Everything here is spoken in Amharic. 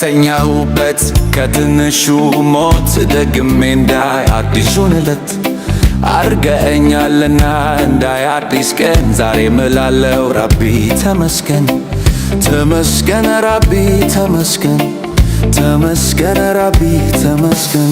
ተኛሁበት ከትንሹ ሞት ደግሜ እንዳይ አዲሱን ዕለት አርገኛልና እንዳይ አዲስ ቀን ዛሬ ምላለው ራቢ ተመስገን ተመስገን ራቢ ተመስገን ተመስገን ራቢ ተመስገን